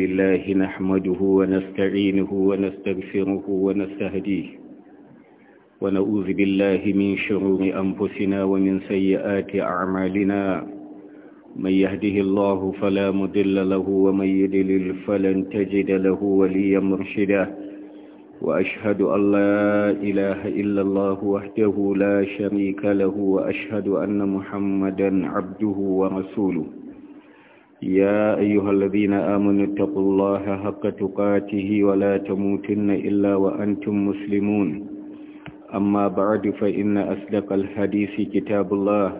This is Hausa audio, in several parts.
لله نحمده ونستعينه ونستغفره ونستهديه ونعوذ بالله من شرور أنفسنا ومن سيئات أعمالنا من يهده الله فلا مضل له ومن يضلل فلن تجد له وليا مرشدا وأشهد أن لا إله إلا الله وحده لا شريك له وأشهد أن محمدا عبده ورسوله يا أيها الذين آمنوا اتقوا الله حق تقاته ولا تموتن إلا وأنتم مسلمون أما بعد فإن أصدق الحديث كتاب الله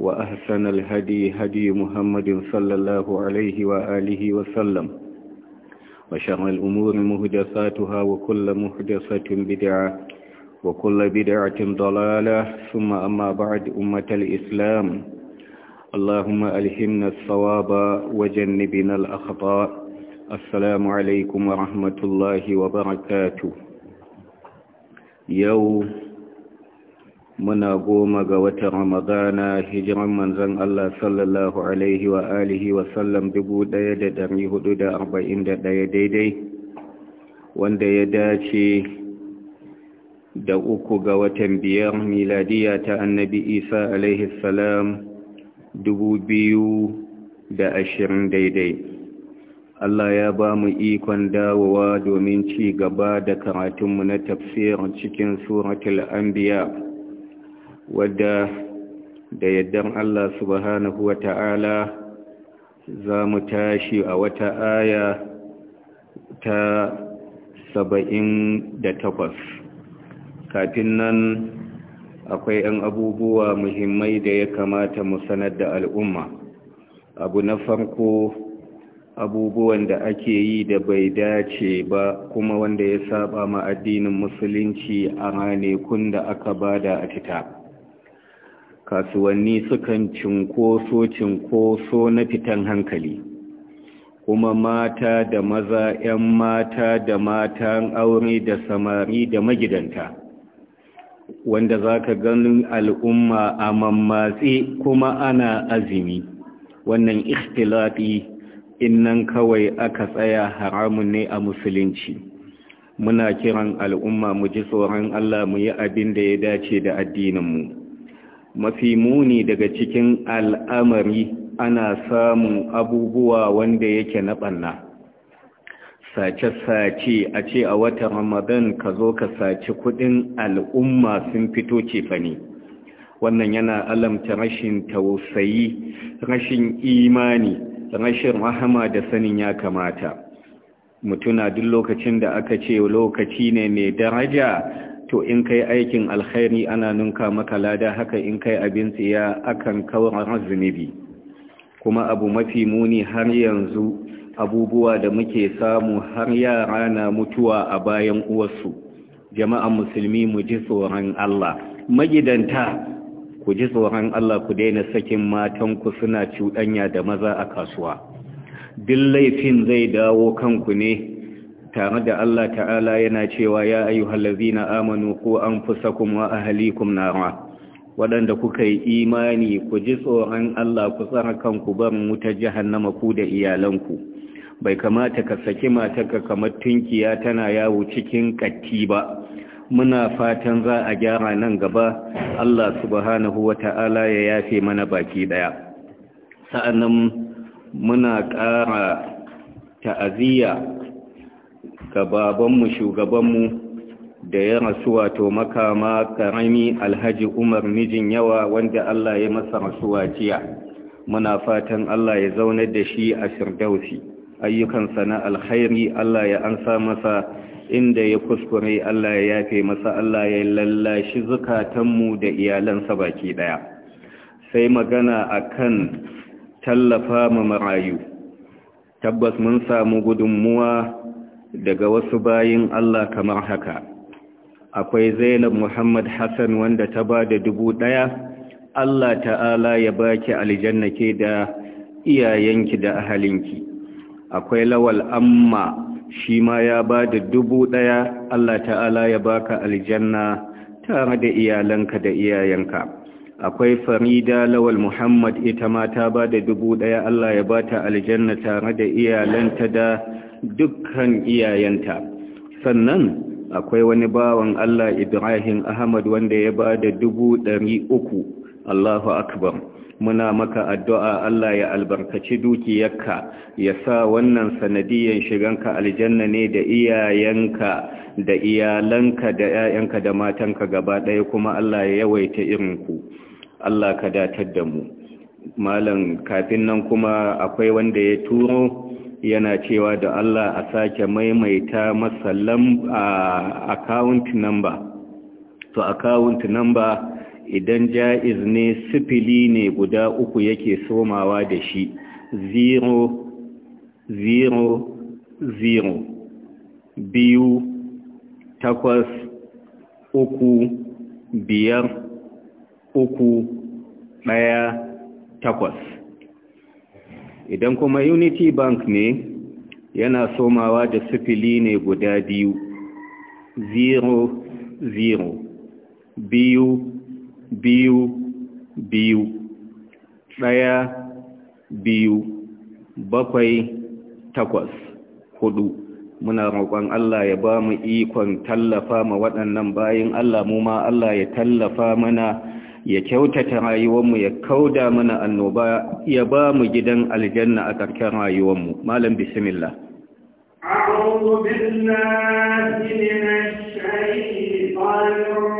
وأحسن الهدي هدي محمد صلى الله عليه وآله وسلم وشر الأمور مهدساتها وكل مهدسة بدعة وكل بدعة ضلالة ثم أما بعد أمة الإسلام اللهم ألهمنا الصواب وجنبنا الأخطاء السلام عليكم ورحمة الله وبركاته يوم muna goma ga watan ramadana hijiran manzon Allah sallallahu alaihi wa alihi wa sallam ɗaya daidai wanda ya dace da uku ga watan biyar miladiya ta annabi Isa alaihi salam dubu biyu da ashirin daidai Allah ya ba mu ikon dawowa domin ci gaba da karatunmu na tafsir cikin suratul anbiya wadda da yaddan Allah subhanahu wa ta'ala za mu tashi a wata aya ta saba'in da takwas kafin nan akwai 'yan abubuwa muhimmai da ya kamata mu sanar da al'umma abu na farko abubuwan da ake yi da bai dace ba kuma wanda ya saba ma addinin musulunci a ranekun da aka bada a fita kasuwanni sukan cinkoso cinkoso na fitan hankali kuma mata da maza 'yan mata da matan aure da samari da magidanta wanda za ka ganin al'umma a mammatsi kuma ana azumi wannan ikhtilafi innan kawai aka tsaya haramun ne a musulunci muna kiran al'umma mu ji tsoron Allah mu yi abin da ya dace da addininmu mafi muni daga cikin al'amari ana samun abubuwa wanda yake na ɓanna sace-sace a ce a watan ramadan ka zo ka sace kudin al'umma sun fito ne. wannan yana alamta rashin tausayi rashin imani rashin rahama da sanin ya kamata mutuna duk lokacin da aka ce lokaci ne mai daraja to in kai aikin alkhairi ana nunka maka lada haka in kai abin tsiya akan kawar zunubi kuma abu mafi muni har yanzu abubuwa da muke samu har yara na mutuwa a bayan uwarsu jama'an musulmi mu ji tsoron Allah magidanta ku ji tsoron Allah ku daina sakin matanku suna cuɗanya da maza a kasuwa duk laifin zai dawo kanku ne tare da Allah ta'ala yana cewa ya ayyuhallazina amanu ku anfusakum wa ahlikum nara waɗanda kuka yi imani ku ji tsoron Allah ku tsara kanku barin wutar jahannama ku da iyalanku bai kamata ka saki matarka kamar tunkiya tana yawo cikin katti ba muna fatan za a gyara nan gaba Allah subhanahu wata'ala ya yafe mana baki daya sa'annan muna ƙara ta'aziyya ga babanmu shugabanmu da ya rasu wato makama karami alhaji umar mijin yawa wanda Allah ya masa rasuwa jiya muna fatan Allah ya zaunar da shi a firdausi ayyukansa na alkhairi Allah ya ansa masa inda ya kuskure Allah ya yafe masa Allah ya lallashi zukatanmu da iyalansa baki daya sai magana akan tallafa ma marayu tabbas mun samu gudunmuwa daga wasu bayin Allah kamar haka akwai Zainab Muhammad Hassan wanda ta ba da dubu daya Allah ta'ala ya baki aljanna ke da iyayenki da ahalinki akwai lawal amma shi ma ya ba da dubu ɗaya Allah ta'ala ya baka aljanna tare da iyalanka da iyayenka akwai farida lawal muhammad ita ma ta ba da dubu ɗaya Allah ya ba ta aljanna tare da iyalanta da dukkan iyayenta sannan akwai wani bawan Allah ibrahim ahmad wanda ya ba da dubu ɗari uku Allahu akbar muna maka addu'a Allah ya albarkaci dukiyarka ya sa wannan sanadiyan shiganka aljanna ne da iyayenka da iyalanka da ‘ya'yanka da matanka gaba ɗaya kuma Allah ya yawaita irinku Allah ka datar da mu malam kafin nan kuma akwai wanda ya turo yana cewa da Allah a sake maimaita a akawunt namba to akawunt namba idan ja'iz ne sifili ne guda uku yake somawa da shi zero zero zero biyu takwas uku biyar uku ɗaya takwas idan kuma unity bank ne yana somawa da sifili ne guda biyu zero zero biyu biyu biyu ɗaya biyu bakwai takwas hudu muna roƙon Allah ya ba mu ikon tallafa ma waɗannan bayin Allah mu ma Allah ya tallafa mana ya kyautata rayuwarmu ya kauda mana annoba ya ba mu gidan aljanna a rayuwar rayuwarmu malam bismillah أعوذ بالله من الشيطان الرجيم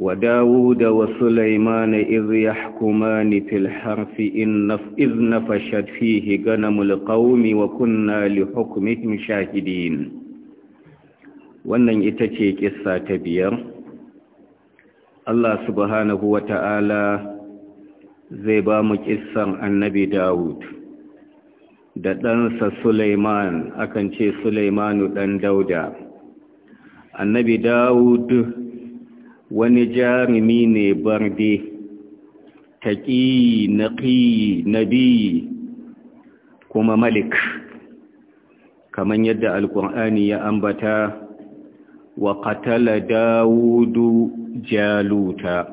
وداود وسليمان إذ يحكمان في الحرف إذ نفشت فيه غنم القوم وكنا لحكمهم شاهدين wannan ita ce kissa ta biyar Allah subhanahu wa ta'ala zai ba mu kissan annabi Dawud da ɗansa Suleiman akan ce Suleimanu ɗan Dauda annabi Dawud wani jarumi ne barde taƙi na nabi kuma malik kamar yadda alƙur'ani ya ambata wa dawudu jaluta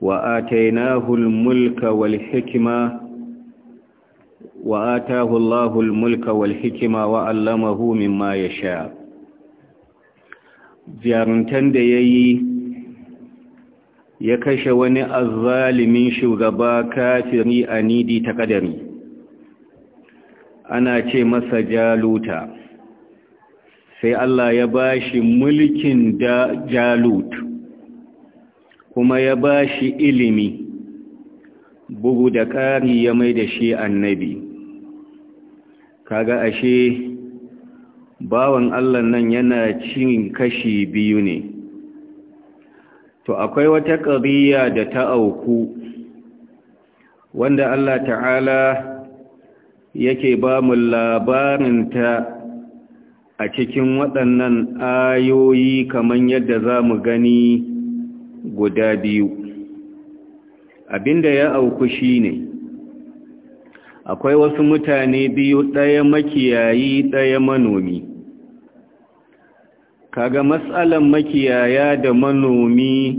wa atainahu mulka wal hikma wa atahu Allahu al-mulka wal hikma wa 'allamahu mimma yasha' jaruntan da ya yi ya kashe wani azalimin shugaba kafiri a nidi ta ƙadari ana ce masa jaluta sai Allah ya ba shi mulkin da jalut kuma ya ba shi ilimi bugu da ƙari ya mai da shi annabi kaga ashe bawan Allah nan yana cin kashi biyu ne to akwai wata ƙariya da ta auku wanda Allah ta'ala yake ba mu ta a cikin waɗannan ayoyi kamar yadda za mu gani guda biyu abinda ya auku shi ne akwai wasu mutane biyu ɗaya makiyayi ɗaya manomi kaga matsalan makiyaya da manomi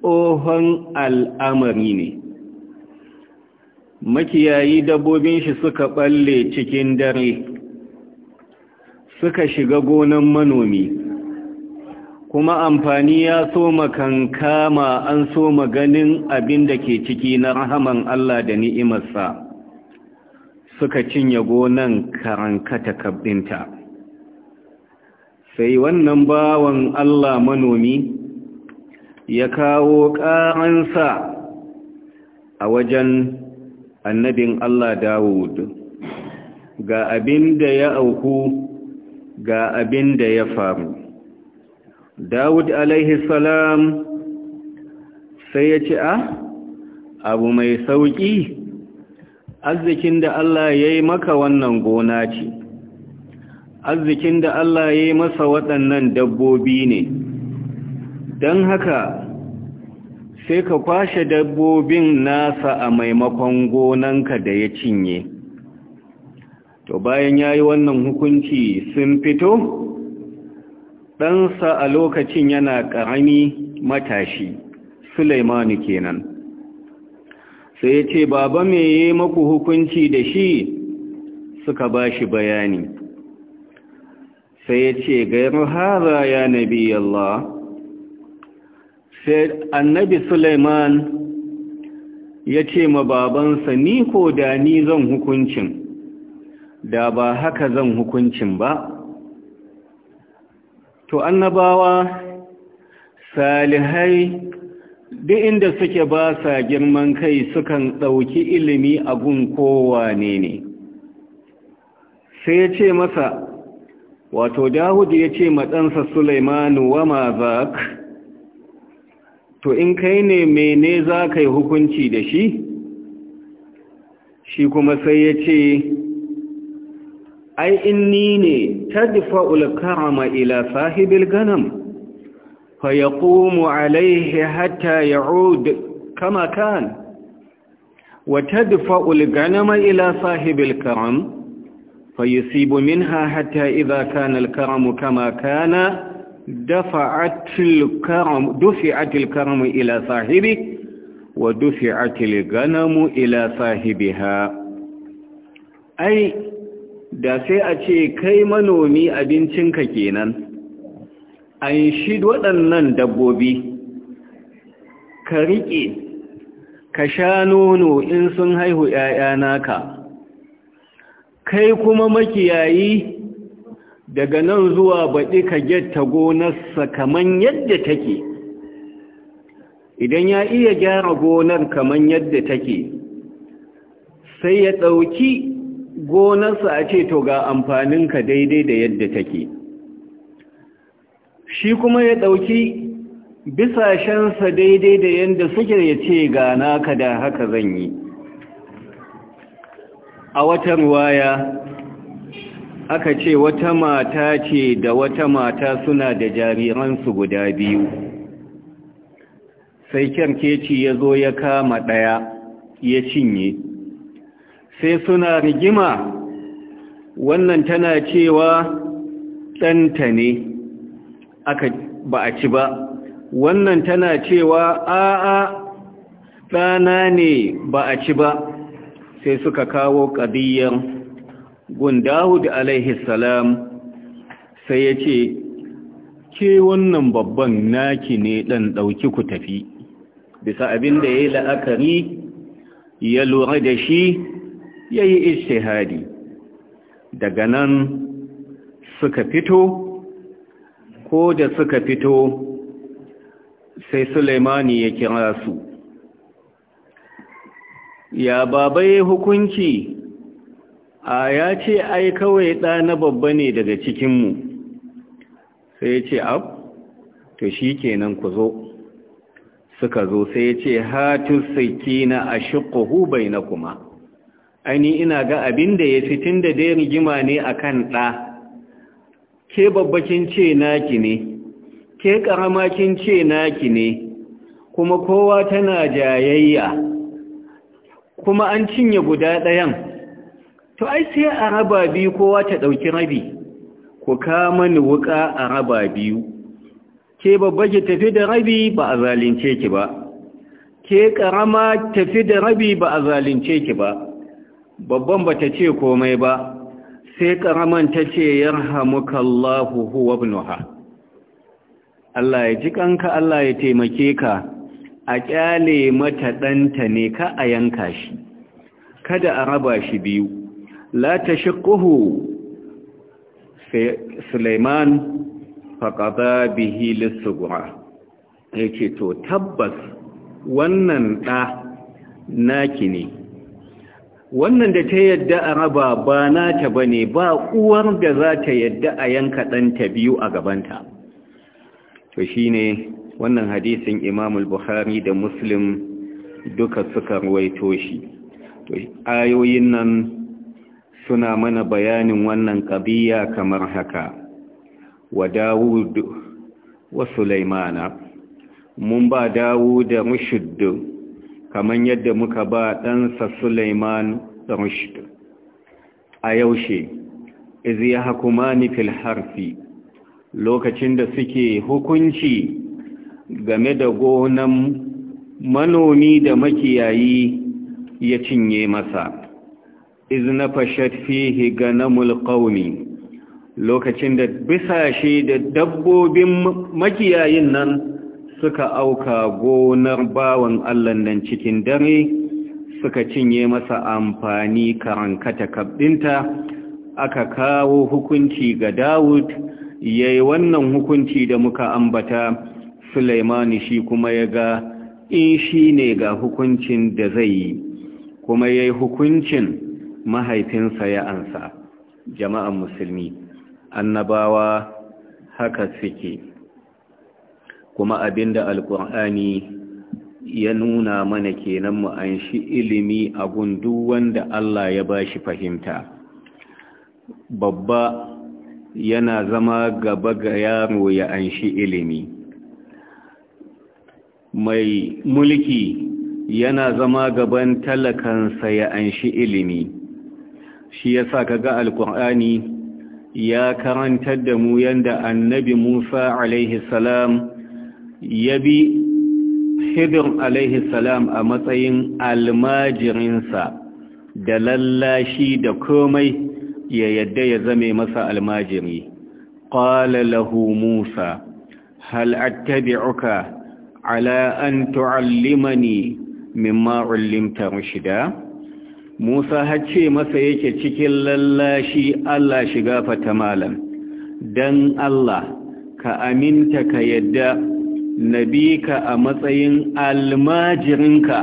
tsohon al'amari ne makiyayi dabbobin shi suka balle cikin dare suka shiga gonan manomi kuma amfani ya soma kankama an soma ganin abin da ke ciki na rahaman Allah da ni'imarsa suka cinye gonan karankata kabbinta sai wannan bawan Allah manomi ya kawo ƙa'ansa a wajen annabin Allah Dawud ga abin da ya auku ga abin da ya faru Dawud alaihi salam sai ya ce a ah, abu mai sauƙi arzikin da Allah ya yi maka wannan gona ce arzikin da Allah ya yi masa waɗannan dabbobi ne don haka sai ka kwashe dabbobin nasa a maimakon gonanka da ya cinye to bayan ya yi wannan hukunci sun fito ɗansa a lokacin yana ƙarami matashi sulaimanu kenan sai ya ce baba me yi maku hukunci da shi suka ba shi bayani sai ya ce gairu haza ya nabi Allah sai annabi Suleiman ya ce ma babansa ni ko da ni zan hukuncin da ba haka zan hukuncin ba to annabawa salihai duk inda suke ba sa girman kai sukan ɗauki ilimi a gun kowa ne ne sai ya ce masa wato dawud ya ce matsansa sulaimanu wa ma to in kai ne mene za ka yi hukunci da shi shi kuma sai ya ce ai in ni ne ta dufa ulkarama ila sahibil ganam fa ya ƙumu alaihi hata ya kama kan wa ta dufa ma ila sahibil karam فيصيب منها حتى إذا كان الكرم كما كان دفعت الكرم دفعت الكرم إلى صاحبه ودفعت الغنم إلى صاحبها أي da sai a ce kai manomi abincinka kenan an shi waɗannan dabbobi ka riƙe ka sha nono in sun haihu ‘ya'ya naka kai kuma makiyayi daga nan zuwa baɗi ka getta gonarsa kamar yadda take idan ya iya gyara gonar kamar yadda take sai ya ɗauki gonarsa a ce to ga amfaninka daidai da yadda take shi kuma ya ɗauki bisashensa daidai da yadda suke ya ce ga naka da haka zan yi a wata ruwaya aka ce wata mata ce da wata mata suna da jariransu guda biyu sai kyarkeci ya zo ya kama ɗaya ya cinye sai suna rigima wannan tana cewa ɗanta ne aka ba a ci ba wannan tana cewa a'a ɗana ne ba a ci ba sai suka kawo ƙadiyyar gun dawud alaihi salam sai ya ce ke wannan babban naki ne ɗan ɗauki ku tafi bisa abin da ya yi la'akari ya lura da shi ya yi daga nan suka fito ko da suka fito sai suleimani ya kira su ya baba ya hukunci a ya ce ai kawai ɗa na babba ne daga cikinmu sai ce ab to shi kenan ku zo suka zo sai ya ce hatun saki na a shikuhu bai na kuma aini ina ga abin da ya fitin da dai rigima ne a kan ɗa ke babbakin ce naki ne ke ƙaramakin ce naki ne kuma kowa tana jayayya kuma an cinye guda ɗayan to ai sai a raba biyu kowa ta ɗauki rabi ku kama ni wuƙa a raba biyu ke babba ki tafi da rabi ba a zalince ki ba ke ƙarama tafi da rabi ba a zalince ki ba babban ba ta ce komai ba sai ƙaraman ta ce yarhamukallahu huwa ibnuha Allah ya ji kanka Allah ya taimake ka a ƙyale mata ɗanta ne ka a yanka shi kada a raba shi biyu la ta suleiman faƙaɗa bihi lissugura ya ce to tabbas wannan ɗa naki ne wannan da ta yadda a raba ba nata ba ne ba uwar da za ta yadda a yanka ɗanta biyu a gabanta to shi ne wannan hadisin imam al-bukhari da muslim duka suka ruwaito shi ayoyin nan suna mana bayanin wannan ƙabiya kamar haka wa dawud wa sulaimana mun ba dawud da rushd kamar yadda muka ba ɗansa sulaiman rushd a yaushe iz yahkumani fil harfi lokacin da suke hukunci game da gonan manomi da makiyayi ya cinye masa izna fashat fihi ganamul qaumi lokacin da bisa shi da dabbobin makiyayin nan suka auka gonar bawan Allah nan cikin dare suka cinye masa amfani kata kabbinta aka kawo hukunci ga Dawud yayi wannan hukunci da muka ambata sulaimani shi kuma ya ga in shi ne ga hukuncin da zai yi kuma ya yi hukuncin mahaifinsa ya ansa jama'an musulmi annabawa haka suke kuma abinda alkur'ani ya nuna mana kenan mu an shi ilimi a gundu wanda Allah ya ba shi fahimta babba yana zama gaba ga yaro ya an shi ilimi mai mulki yana zama gaban talakansa ya anshi ilimi shi yasa kaga alkur'ani ya karantar da mu yanda annabi Musa alaihi salam ya bi Hidir alaihi salam a matsayin almajirinsa da lallashi da komai ya yadda ya zame masa almajiri qala lahu Musa hal attabi'uka ala an tu'allimani mimma ullimta rushida Musa hace masa yake cikin lallashi Allah shiga fata malam dan Allah ka aminta ka yadda nabika a matsayin almajirinka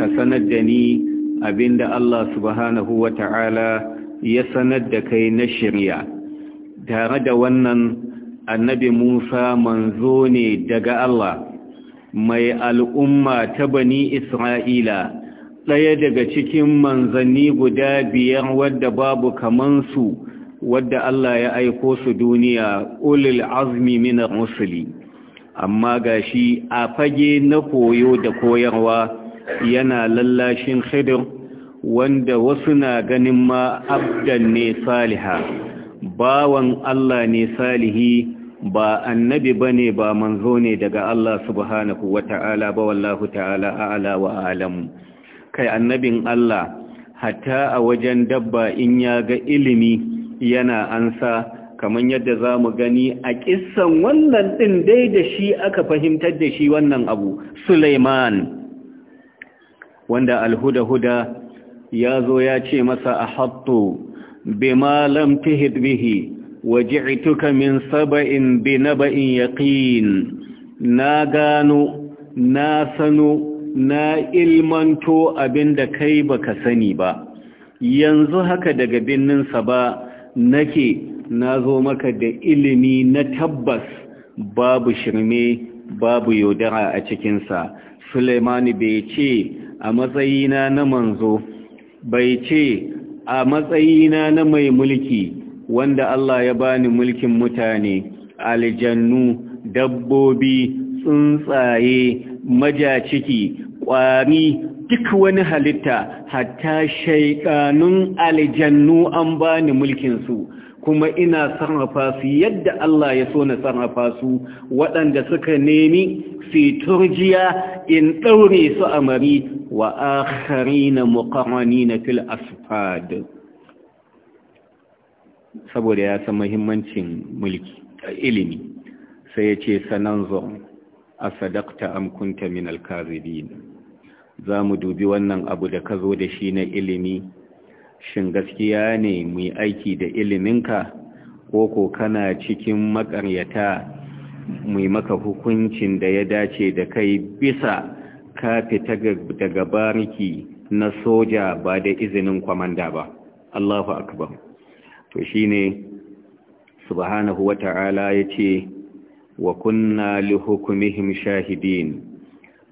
ka sanar da ni abinda Allah subhanahu wata'ala ya sanar da kai na shirya tare da wannan annabi Musa manzo ne daga Allah mai al'umma ta bani Isra'ila, ɗaya daga cikin manzanni guda biyar wadda babu kamansu wadda Allah ya aiko su duniya ulil azmi mina musuli Amma ga shi a fage na koyo da koyarwa yana lallashin khidir wanda wasu na ganin ma abdan ne saliha, bawan Allah ne salihi ba annabi bane ba manzo ne daga Allah subhanahu ta'ala, ba wallahu ta'ala a'la wa a'lam kai annabin Allah hatta a wajen dabba in ya ga ilimi yana ansa kamar yadda za mu gani a ƙisan wannan ɗin dai da shi aka fahimtar da shi wannan abu Sulaiman wanda alhuda-huda ya zo ya ce masa a hattu bima lam tuhid bihi waji'tuka min saba'in bi naba'in yaqin na gano na sano na ilmanto abinda kai baka sani ba yanzu haka daga binnin saba nake nazo maka da ilimi na tabbas babu shirme babu yaudara a cikinsa Suleimani bai ce a matsayina na manzo bai ce a matsayina na mai mulki wanda Allah ya bani mulkin mutane aljannu dabbobi tsuntsaye majaciki ƙwari duk wani halitta hatta shaikanun aljannu an bani mulkin su, kuma ina sarrafa su yadda Allah ya so na sarrafa su waɗanda suka nemi fi in ɗaure su amari wa akharina na fil asfad saboda ya san muhimmancin mulki ilimi sai ya ce sananzon a sadakta amkunta min alkazibi za mu dubi wannan abu da ka zo da shi na ilimi shin gaskiya ne mu aiki da iliminka ko ko kana cikin makaryata mu maka hukuncin da ya dace da kai bisa ka fita daga bariki na soja ba da izinin kwamanda ba Allahu akbar to shi shine subhanahu ya ce, wa kunna li hukumihim shahidin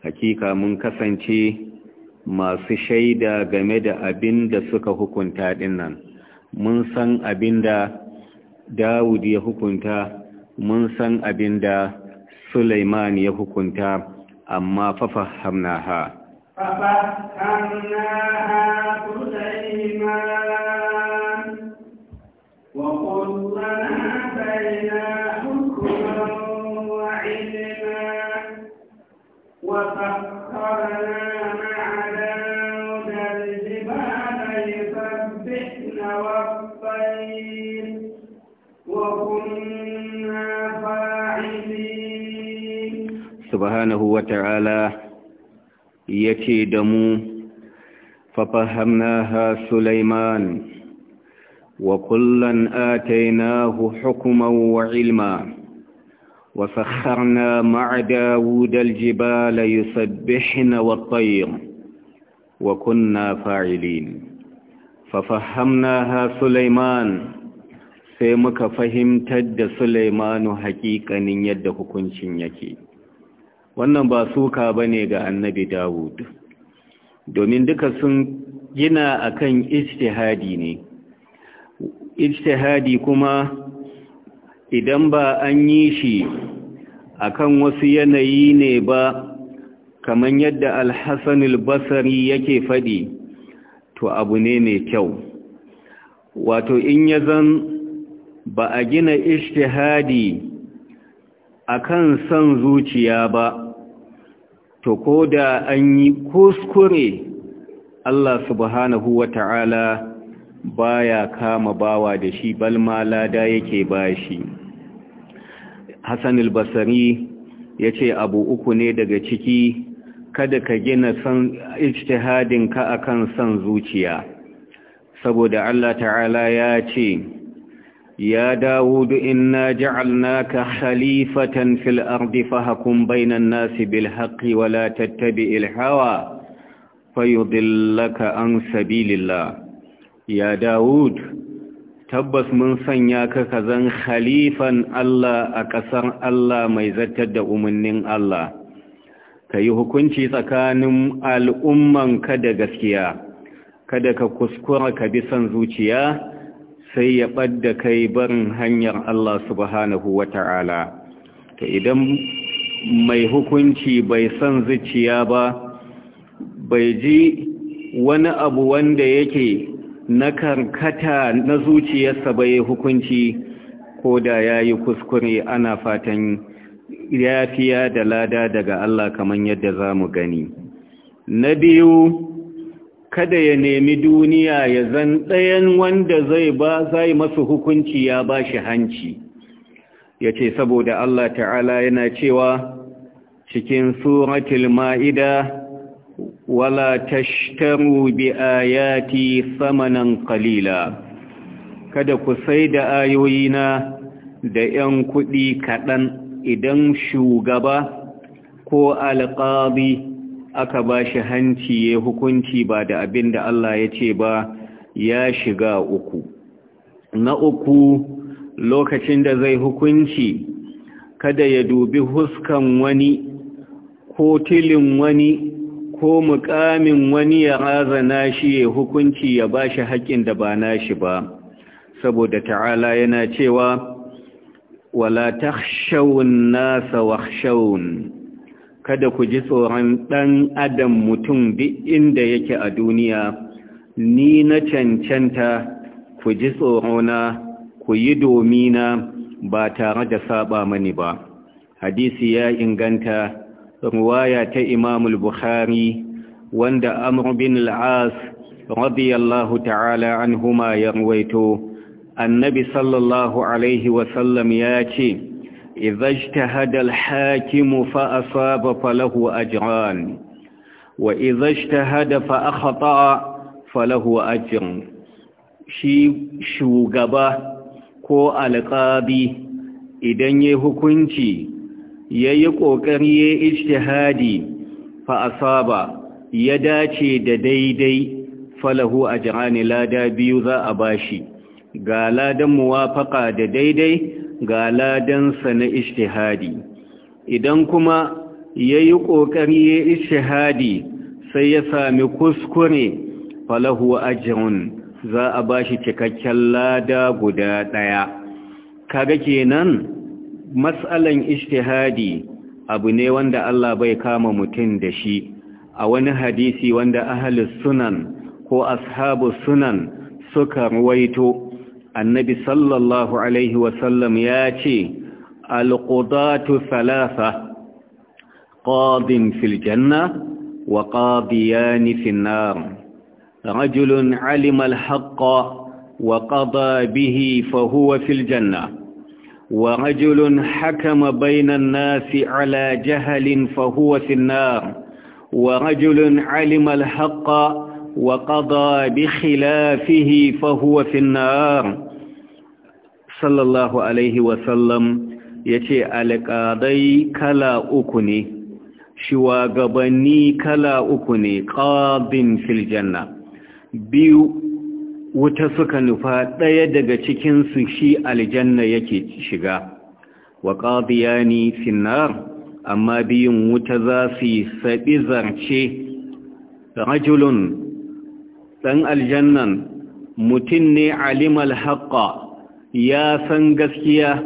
hakika mun kasance masu shaida game da abin da suka hukunta dinnan mun san abin da Dawud ya hukunta mun san abin da Suleiman ya hukunta amma fafa hamna ha, fahamnaha fa fahamnaha ma. subhanahu wa ta'ala ya ce da mu fafahamnaha Sulaiman wa kullan atainahu hukumar wa ilma wa sakharna ma'a Dawud al-jibala yusabbihna wat-tayr wa kunna fa'ilin fafahamnaha Sulaiman sai muka fahimtar da Sulaimanu haƙiƙanin yadda hukuncin yake wannan ba suka ba ne ga annabi dawud domin duka sun gina a akan ijtihadi ne ijtihadi kuma idan ba an yi shi a kan wasu yanayi ne ba kamar yadda alhassan albasari yake faɗi to abu ne mai kyau wato in ya zan ba a gina ishtihadi akan son zuciya ba to ko da an yi kuskure Allah subhanahu wa ta'ala baya kama bawa da shi balma lada yake bashi Hassan al-Basri yace abu uku ne daga ciki kada ka gina san ijtihadin ka akan san zuciya saboda Allah ta'ala ya ce يا داود إنا جعلناك خليفة في الأرض فهكم بين الناس بالحق ولا تتبع الهوى فيضلك عن سبيل الله يا داود tabbas mun sanya ka kazan khalifan Allah a ƙasar Allah mai zartar da umarnin Allah ka yi hukunci tsakanin ka da gaskiya kada ka kuskura ka bi son zuciya sai ya ɓadda kai barin hanyar Allah subhanahu wa ta'ala ta idan mai hukunci bai son zuciya ba bai ji wani abu wanda yake na karkata na zuciyarsa bai hukunci ko da ya yi kuskure ana fatan yafiya da lada daga Allah kamar yadda za mu gani na biyu kada ya nemi duniya ya zan ɗayan wanda zai ba zai masu hukunci ya ba shi hanci ya ce saboda Allah ta'ala yana cewa cikin suratul ma'ida wala tashtaru bi ayati samanan qalila kada ku sai da ayoyina da 'yan kuɗi kaɗan idan shugaba ko alƙadi aka ba shi hanci ya hukunci ba da abin da Allah ya ce ba ya shiga uku na uku lokacin da zai hukunci kada ya dubi huskan wani ko tilin wani ko mukamin wani ya razana shi ya hukunci ya ba shi haƙƙin da ba shi ba saboda ta'ala yana cewa wala takhshawun nasa wakhshawun kada ku ji tsoron ɗan adam mutum duk inda yake a duniya ni na cancanta ku ji tsorona ku yi domina ba tare da saba mani ba hadisi ya inganta ruwaya ta imamul bukhari wanda amr bin al'as radiyallahu ta'ala an huma ya ruwaito annabi sallallahu alaihi wasallam ya ce إذا اجتهد الحاكم فأصاب فله أجران وإذا اجتهد فأخطأ فله أجر shi shugaba ko alƙabi idan ya hukunci ya yi ƙoƙari ya ijtihadi fa asaba ya dace da daidai falahu a jirani lada biyu za a bashi ga ladan muwafaka da daidai ga ladansa na ishtihadi idan kuma ya yi ƙoƙari ya ishtihadi sai ya sami kuskure falahu ajirun za a ba shi cikakken lada guda ɗaya kaga kenan matsalan ishtihadi abu ne wanda Allah bai kama mutum da shi a wani hadisi wanda ahalus sunan ko ashabu sunan suka ruwaito النبي صلى الله عليه وسلم ياتي القضاة ثلاثة قاض في الجنة وقاضيان في النار رجل علم الحق وقضى به فهو في الجنة ورجل حكم بين الناس على جهل فهو في النار ورجل علم الحق وقضى بخلافه فهو في النار sallallahu alaihi wasallam ya ce alƙadai kala uku ne shiwagabanni kala uku ne ƙadin filjanna biyu wuta suka nufa ɗaya daga cikinsu shi aljanna yake shiga wa ni finnar amma biyun wuta za su yi saɓi zarce rajulun ɗan aljannan mutum ne alimal haƙƙa. ya san gaskiya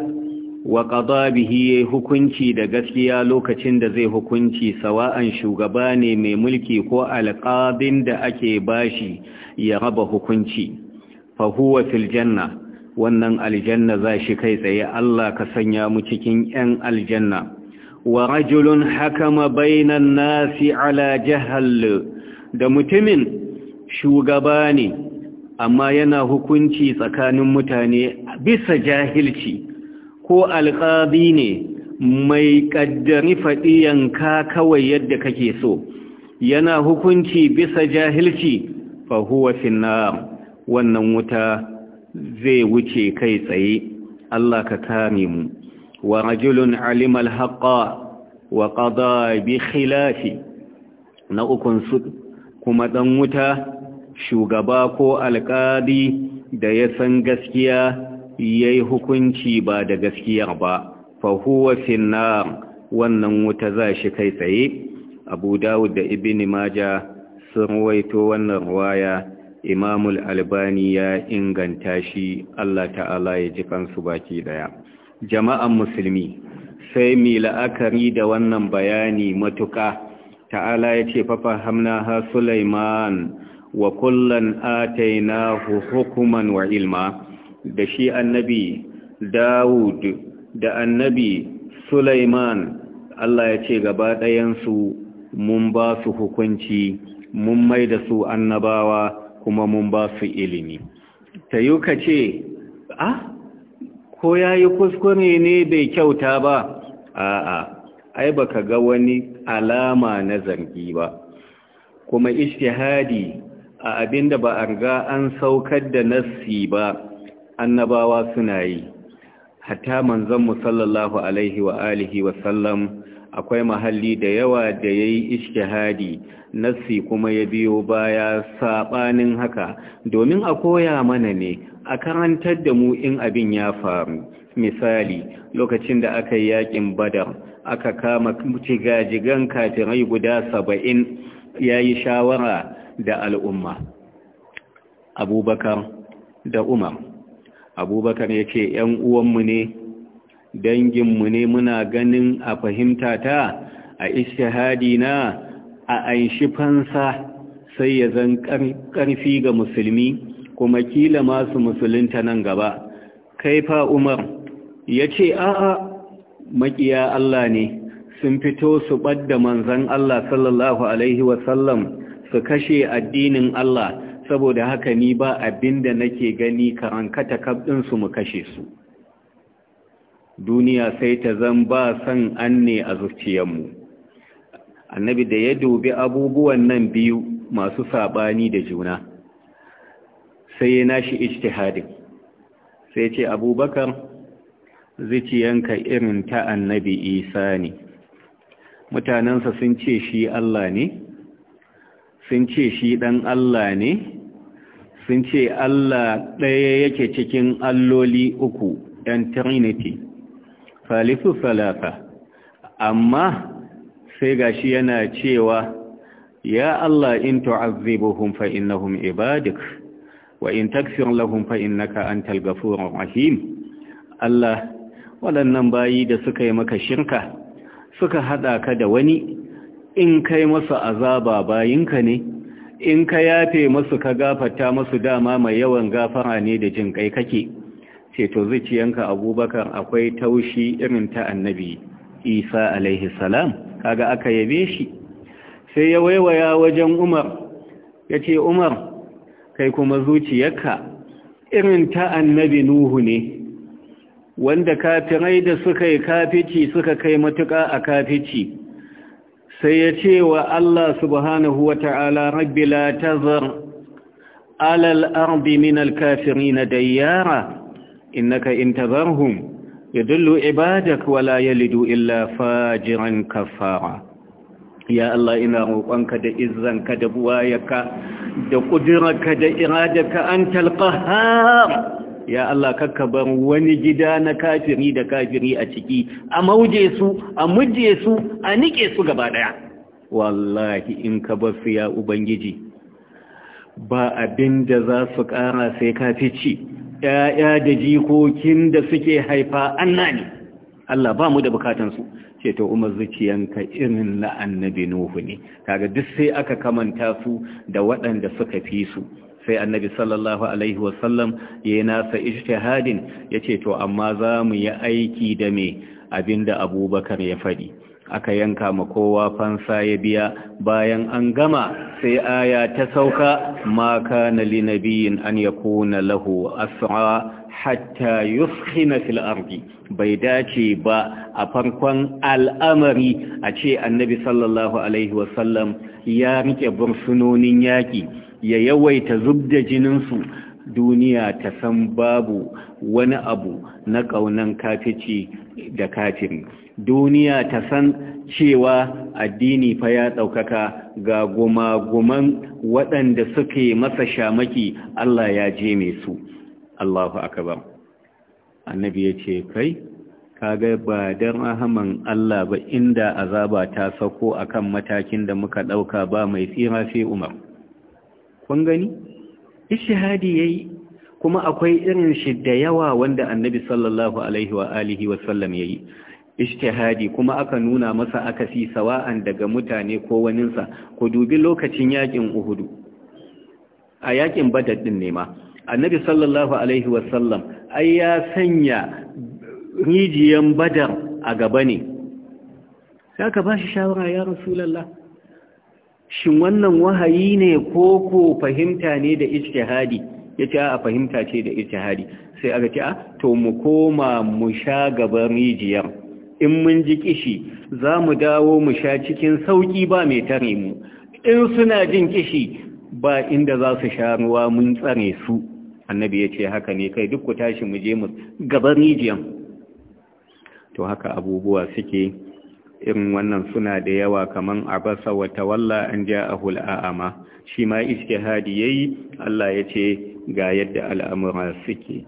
wa ƙaza bihi hukunci da gaskiya lokacin da zai hukunci sawa'an shugaba ne mai mulki ko alƙadin da ake bashi ya raba hukunci fahuwa filjanna. wannan aljanna za shi kai tsaye Allah ka sanya mu cikin 'yan aljanna wa rajulun hakama bainan nasi ala jahal da mutumin shugaba ne amma yana hukunci tsakanin mutane bisa jahilci ko alƙadi ne mai ƙaddari faɗiyanka kawai yadda kake so yana hukunci bisa jahilci fahuwa finna, wannan wuta zai wuce kai tsaye Allah ka kare mu wa rajulun alimal haƙa wa qada bi khilafi na ukun kuma dan wuta shugaba ko alƙadi da ya san gaskiya yayi hukunci ba da gaskiya ba fa huwa wannan wuta za shi kai tsaye abu dawud da ibn maja sun waito wannan ruwaya imamul albani ya inganta shi allah ta'ala ya ji kansu baki daya jama'an musulmi sai mi la'akari da wannan bayani matuka ta'ala ya ce fafahamna ha sulaiman wa kullan atainahu hukuman wa ilma da shi annabi Dawud da annabi Sulaiman Allah ya ce gaba ɗayansu mun ba su hukunci mun mai da su annabawa kuma mun ba su ilimi ta yi ka ce ah ko ya yi kuskure ne bai kyauta ba a'a ai ba ka ga wani alama na zargi ba kuma ishtihadi a abinda ba a ga an saukar da nassi ba annabawa suna yi hatta mu sallallahu alaihi wa alihi wa sallam akwai mahalli da yawa da yayi ishtihadi nassi kuma ya biyo baya saɓanin haka domin a koya mana ne a karantar da mu in abin ya faru misali lokacin da aka yi yakin badar aka kama kafin katirai guda saba'in ya yi shawara da al'umma abubakar da umar abubakar ya ce ‘yan uwanmu ne danginmu ne muna ganin a fahimta ta a ishihadi na a anshi fansa sai ya zan ƙarfi ga musulmi kuma kila masu musulunta nan gaba kai fa umar ya ce a'a makiya Allah ne sun fito su da manzan Allah sallallahu Alaihi wasallam su kashe addinin Allah saboda haka ni ba abinda nake gani karankata kabdin su mu kashe su duniya sai ta zan ba san an ne a zuciyarmu annabi da ya dubi abubuwan nan biyu masu sabani da juna sai ya nashi ijtihadin sai ce abubakar zuciyanka irin ta annabi isa ne mutanensa sun ce shi Allah ne sun ce shi ɗan Allah ne sun ce Allah ɗaya yake cikin alloli uku ‘yan trinity salisu salafa amma sai gashi yana cewa ya Allah in tu'azzibuhum fa innahum ibadik wa in taksir lahum fa innaka antal talgafuran rahim Allah waɗannan bayi da suka yi maka shirka suka haɗa ka da wani in kai masa azaba bayinka ne in ka yafe masu ka gafata masu dama mai yawan gafara ne da jin kai kake ce to zuciyanka abubakar akwai taushi irin ta annabi isa alaihi salam kaga aka yabe shi sai ya waiwaya wajen umar ya ce umar kai kuma zuciyarka irin ta annabi nuhu ne wanda kafirai da suka yi kafici suka kai matuƙa a kafici sai ya ce wa Allah subhanahu wa ta'ala rabbi la tazar alal arbi min na dayyara innaka in tazarhum yadullu ibadak wala yalidu illa fajiran kafara ya Allah ina roƙonka da izanka da buwayaka da ƙudurarka da iradarka an talqahar ya Allah bar wani gida na kafiri da kafiri a ciki a mauje su a muje su a nike su gaba daya wallahi in ka bar su ya ubangiji ba abin da za su kara sai kafici ya'ya da jikokin da suke haifa anna ne Allah ba mu da bukatansu ce ta umar zuciyanka irin la'annabi nuhu ne kaga duk sai aka kamanta su da waɗanda suka fi su sai annabi sallallahu alaihi wasallam ya yi nasa ijtihadin ya ce to amma za mu yi aiki da me abinda abubakar ya faɗi aka yanka ma kowa fansa ya biya bayan an gama sai aya ta sauka ma kana li nabiyin an kuna lahu asra hatta yuskhina fil ardi bai dace ba a farkon al'amari a ce annabi sallallahu alaihi wasallam ya rike bursunonin yaki ya yawaita zubda jininsu duniya ta san babu wani abu na ƙaunan kafici da kafin duniya ta san cewa addini fa ya ɗaukaka ga gumaguman waɗanda suke masa shamaki Allah ya je mai su Allahu akbar annabi ya ce kai kaga ba don rahaman Allah ba inda azaba ta sako akan matakin da muka ɗauka ba mai tsira sai Umar kun gani ishihadi yayi kuma akwai irin shi da yawa wanda annabi sallallahu alaihi wa alihi wa sallam yayi ijtihadi kuma aka nuna masa akasi sawa'an daga mutane ko waninsa ku dubi lokacin yakin uhudu a yakin badar din ne ma annabi sallallahu alaihi wa sallam, ai ya sanya rijiyan badar a gaba ne sai ka ba shi shawara ya rasulullah shin wannan wahayi ne ko ko fahimta ne da ijtihadi ce a fahimta ce da ijtihadi sai aka ce a to mu koma mu sha gaban rijiyar in mun ji kishi za mu dawo mu sha cikin sauki ba mai tare mu in suna jin kishi ba inda za su sha ruwa mun tsare su annabi ya ce haka ne kai duk ku tashi mu je mu gaban rijiyar to haka abubuwa suke irin wannan suna da yawa kaman abasa wata walla an ja a al'ama shi ma ijtihadi yayi Allah ya ce ga yadda al'amura suke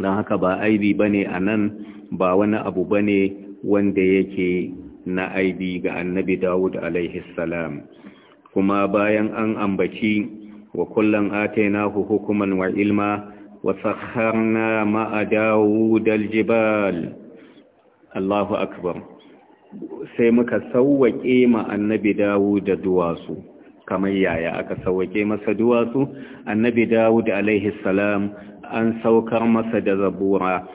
Don haka ba aibi ne a nan ba wani abu ba ne wanda yake na aibi ga annabi Dawud alaihi salam kuma bayan an ambaci wa kullan atainahu hukuman wa ilma wa sakharna ma'a Dawud aljibal Allahu akbar sai muka sauwaƙe ma annabi dawo da duwatsu kamar yaya aka sauwake masa duwatsu annabi dawud alaihi salam an saukar masa da zabura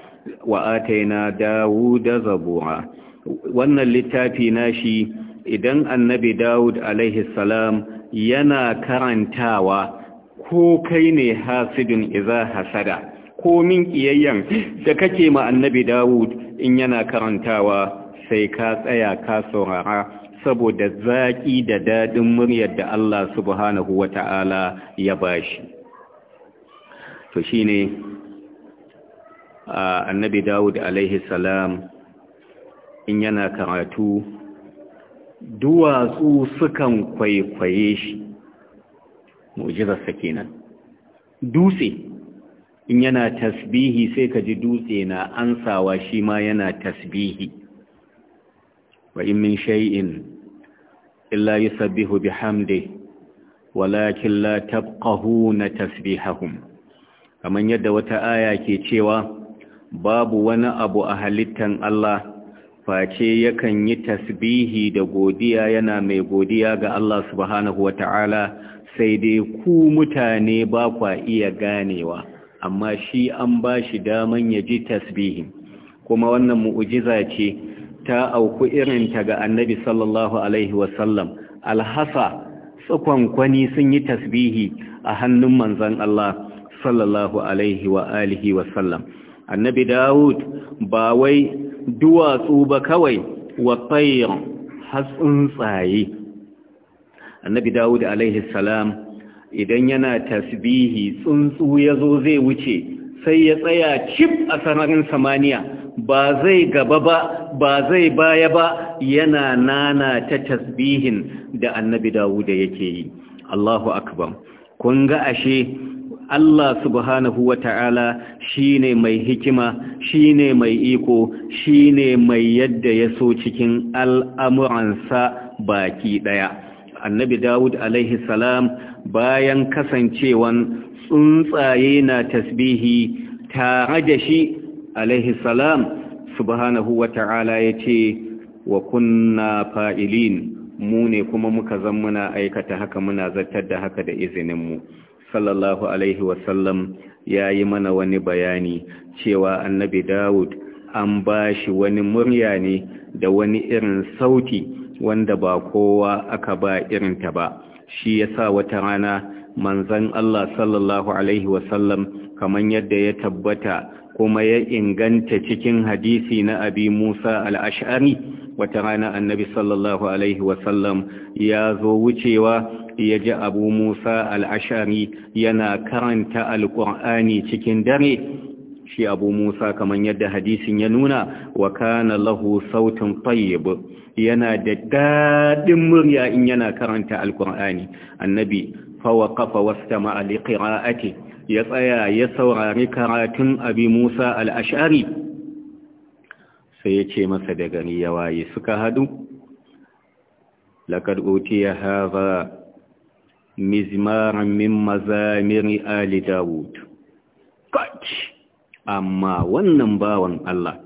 wa ataina dawud zabura wannan littafi nashi idan annabi dawud alaihi salam yana karantawa ko kai ne hasidun iza hasada ko min kiyayyan da kake ma annabi dawud in yana karantawa sai ka tsaya ka saurara saboda zaƙi da daɗin muryar da Allah subhanahu wa ta'ala ya bashi to shine annabi Dawud alaihi salam in yana karatu duwatsu sukan kwaikwaye shi sake kenan dutse in yana tasbihi sai ka ji dutse na ansawa shi ma yana tasbihi وإن من شيء إلا يسبه بحمده ولكن na تبقهون تسبيحهم kamar yadda wata aya ke cewa babu wani abu a halittan Allah face yakan yi tasbihi da godiya yana mai godiya ga Allah subhanahu wata'ala sai dai ku mutane ba iya ganewa amma shi an ba shi daman ya ji tasbihi kuma wannan mu'ujiza ce ta auku irinta ga annabi sallallahu alaihi wasallam alhasa tsakonkwani sun yi tasbihi a hannun manzan Allah sallallahu alaihi wa alihi wasallam annabi dawud ba wai duwatsu ba kawai wa tsayir tsaye. annabi dawud alaihi salam idan yana tasbihi tsuntsu ya zo zai wuce sai ya tsaya cif a sanarin samaniya ba zai gaba ba ba zai baya ba yana nana ta tasbihin da annabi dawuda yake yi Allahu akbar kun ga ashe Allah subhanahu wa ta'ala shi ne mai hikima shi ne mai iko shi ne mai yadda ya so cikin al'amuransa baki ɗaya annabi dawud alaihi salam bayan kasancewan tsuntsaye na tasbihi tare da shi alaihi salam subhanahu wa ta'ala ya ce wa kunna fa'ilin mu ne kuma muka zan muna aikata haka muna zartar da haka da izininmu sallallahu alaihi wasallam ya yi mana wani bayani cewa annabi dawud an ba shi wani murya ne da wani irin sauti wanda ba kowa aka ba irin ta ba shi ya sa wata rana manzan Allah sallallahu alaihi wasallam kamar yadda ya tabbata kuma ya inganta cikin hadisi na abi musa al'ash'ari wata rana annabi sallallahu alaihi wasallam ya zo wucewa ya ji abu musa al'ash'ari yana karanta alƙur'ani cikin dare shi abu musa kamar yadda hadisin ya nuna wa kana lahu sautin tayyib yana da daɗin murya in yana karanta alƙur'ani annabi fawakafa wasta ma'ali ƙira'ati ya tsaya ya saurari karatun abin musa al'ashari sai ya ce masa da gani ya waye suka haɗu laƙar ƙoti ya haɗa mizmarin min mazamiri ali dawud amma wannan bawan allah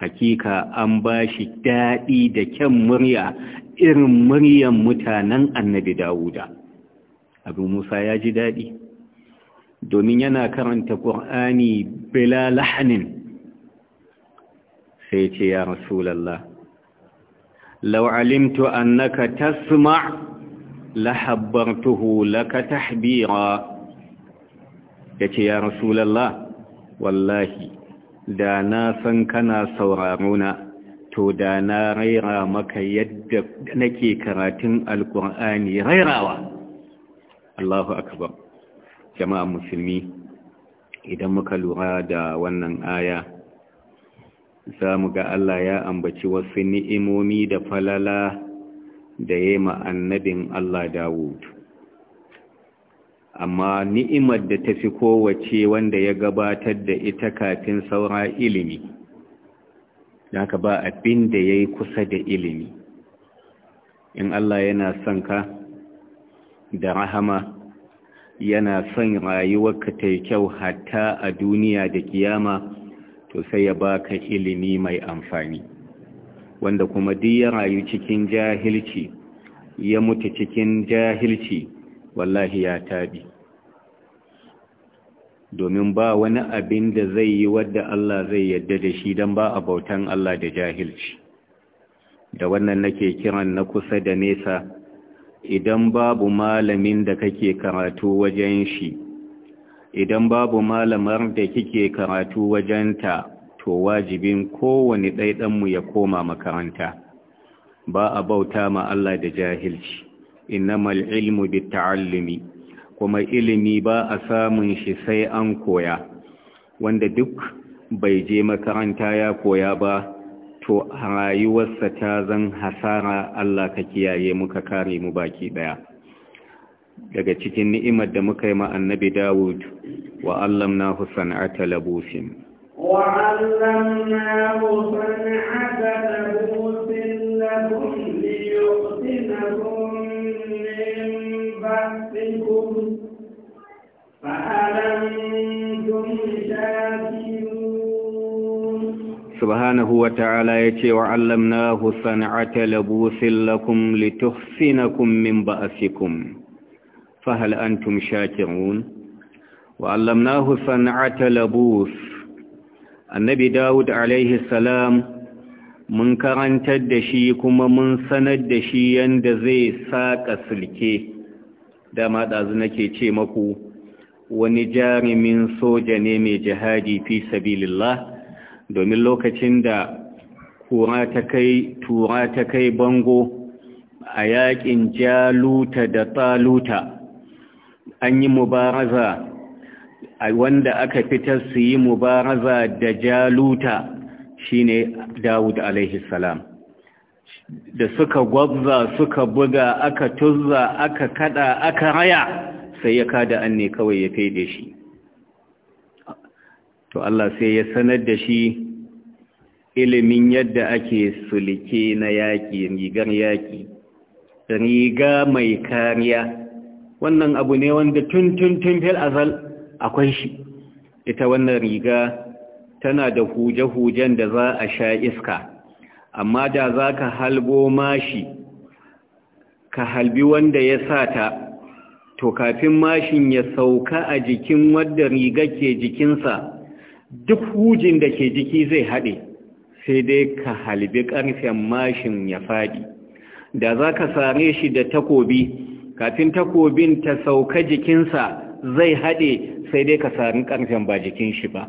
hakika an ba shi daɗi da kyan murya irin muryan mutanen annabi dawuda abu musa ya ji daɗi domin yana karanta ƙur'ani bila lahanin sai ce ya rasulallah lau'alimtu annaka tasma lahabbartuhu laka tahbira ya ce ya rasulallah wallahi da na san kana sauraro na to da na raira maka yadda nake karatun alkur'ani rairawa Allahu akbar jama'a musulmi idan muka lura da wannan aya za mu ga Allah ya ambaci wasu ni'imomi da falala da ya ma annabin Allah Dawud amma ni'imar da ta fi kowace wanda ya gabatar da ita kafin saura ilimi da ba abin da ya yi kusa da ilimi in Allah yana son ka da rahama yana son rayuwarka ta kyau hatta a duniya da kiyama to sai ya baka ilimi mai amfani wanda kuma duk ya rayu cikin jahilci ya mutu cikin jahilci wallahi ya tabi domin ba wani abin da zai yi wadda Allah zai yadda da shi don ba a bautan Allah da jahilci da wannan nake kiran na kusa da nesa idan babu malamin da kake karatu wajen shi idan babu malamar da kike karatu wajenta to wajibin kowane ɗaiɗanmu ya koma makaranta ba a bauta ma Allah da jahilci innamal ilmu ta'allumi kuma ilimi ba a samun shi sai an koya wanda duk bai je makaranta ya koya ba to rayuwarsa ta zan hasara Allah ka kiyaye muka kare mu baki daya daga cikin ni'imar da muka yi ma annabi Dawud wa allamnahu san'ata labusin wa allamnahu san'ata labusin lakum liyuqtinakum min ba'dikum fa alantum shakirun subhanahu wa ta'ala ya ce wa allamnahu san'ata labusin lakum lituhsinakum min ba'asikum fahal antum shakirun wa allamnahu san'ata labus annabi Dawud alaihi salam mun karantar da shi kuma mun sanar da shi yanda zai saka silke dama ɗazu nake ce maku wani jarumin soja ne mai jihadi fi sabilillah domin lokacin da kura ta kai tura ta kai bango a yakin jaluta da taluta an yi mubaraza wanda aka fitar su yi mubaraza da jaluta shine dawud alaihi salam da suka gwabza suka buga aka tuzza aka kada aka raya sai ya kada ne kawai ya fede shi to Allah sai ya sanar da shi ilimin yadda ake sulike na yaƙi rigar yaƙi riga mai kariya wannan abu ne wanda tun tun tun fil azal akwai shi ita wannan riga tana da huje-hujen da za a sha iska amma da za ka halbo mashi ka halbi wanda ya sa ta to kafin mashin ya sauka a jikin wadda riga ke jikinsa duk hujin da ke jiki zai haɗe sai dai ka halbi ƙarfen mashin ya faɗi da za ka sare shi da takobi kafin takobin ta sauka jikinsa zai haɗe sai dai ka sari ƙarfen ba jikin shi ba